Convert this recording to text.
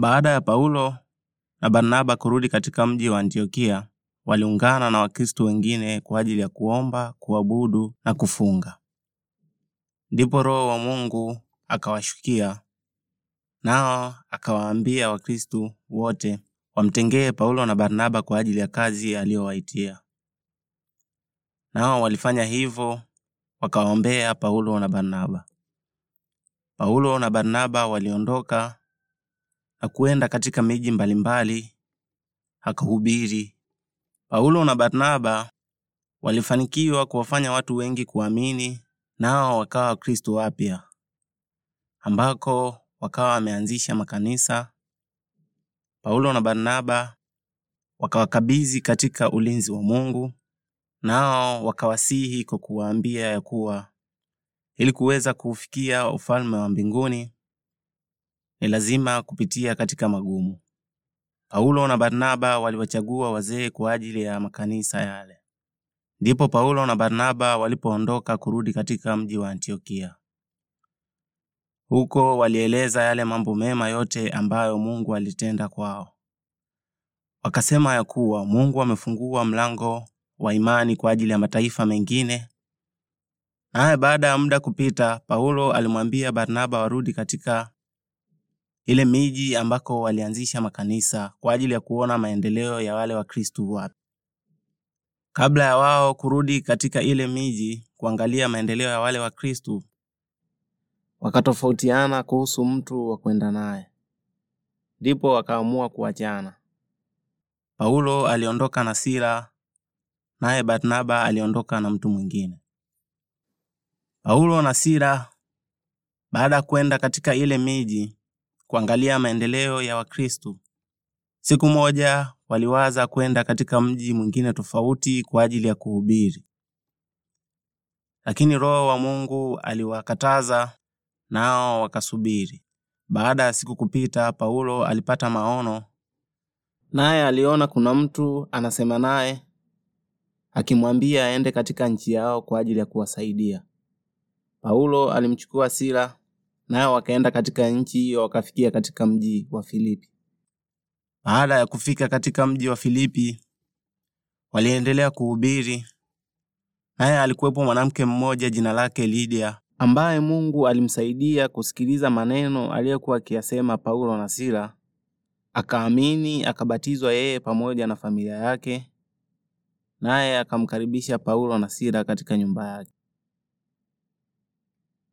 Baada ya Paulo na Barnaba kurudi katika mji wa Antiokia, waliungana na Wakristo wengine kwa ajili ya kuomba, kuabudu na kufunga. Ndipo Roho wa Mungu akawashukia, nao akawaambia Wakristo wote wamtengee Paulo na Barnaba kwa ajili ya kazi aliyowaitia. Nao walifanya hivyo, wakawaombea Paulo na Barnaba. Paulo na Barnaba waliondoka na kwenda katika miji mbalimbali akahubiri. Paulo na Barnaba walifanikiwa kuwafanya watu wengi kuamini, nao wakawa Wakristo wapya, ambako wakawa wameanzisha makanisa. Paulo na Barnaba wakawakabidhi katika ulinzi wa Mungu, nao wakawasihi kwa kuwaambia ya kuwa ili kuweza kuufikia ufalme wa mbinguni ni lazima kupitia katika magumu. Paulo na Barnaba waliwachagua wazee kwa ajili ya makanisa yale. Ndipo Paulo na Barnaba walipoondoka kurudi katika mji wa Antiokia. Huko walieleza yale mambo mema yote ambayo Mungu alitenda kwao. Wakasema ya kuwa Mungu amefungua mlango wa imani kwa ajili ya mataifa mengine. Naye baada ya muda kupita, Paulo alimwambia Barnaba warudi katika ile miji ambako walianzisha makanisa kwa ajili ya kuona maendeleo ya wale Wakristu wapi, kabla ya wao kurudi katika ile miji kuangalia maendeleo ya wale Wakristu. Wakatofautiana kuhusu mtu wa kwenda naye, ndipo wakaamua kuachana. Paulo aliondoka na Sila, naye Barnaba aliondoka na mtu mwingine. Paulo na Sila baada ya kwenda katika ile miji kuangalia maendeleo ya Wakristo. Siku moja waliwaza kwenda katika mji mwingine tofauti kwa ajili ya kuhubiri, lakini Roho wa Mungu aliwakataza, nao wakasubiri. Baada ya siku kupita, Paulo alipata maono, naye aliona kuna mtu anasema naye akimwambia aende katika nchi yao kwa ajili ya kuwasaidia. Paulo alimchukua Sila nao wakaenda katika nchi hiyo wakafikia katika mji wa Filipi. Baada ya kufika katika mji wa Filipi, waliendelea kuhubiri. Naye alikuwepo mwanamke mmoja jina lake Lidia, ambaye Mungu alimsaidia kusikiliza maneno aliyokuwa akiyasema Paulo na Sila. Akaamini, akabatizwa yeye pamoja na familia yake, naye akamkaribisha Paulo na Sila katika nyumba yake.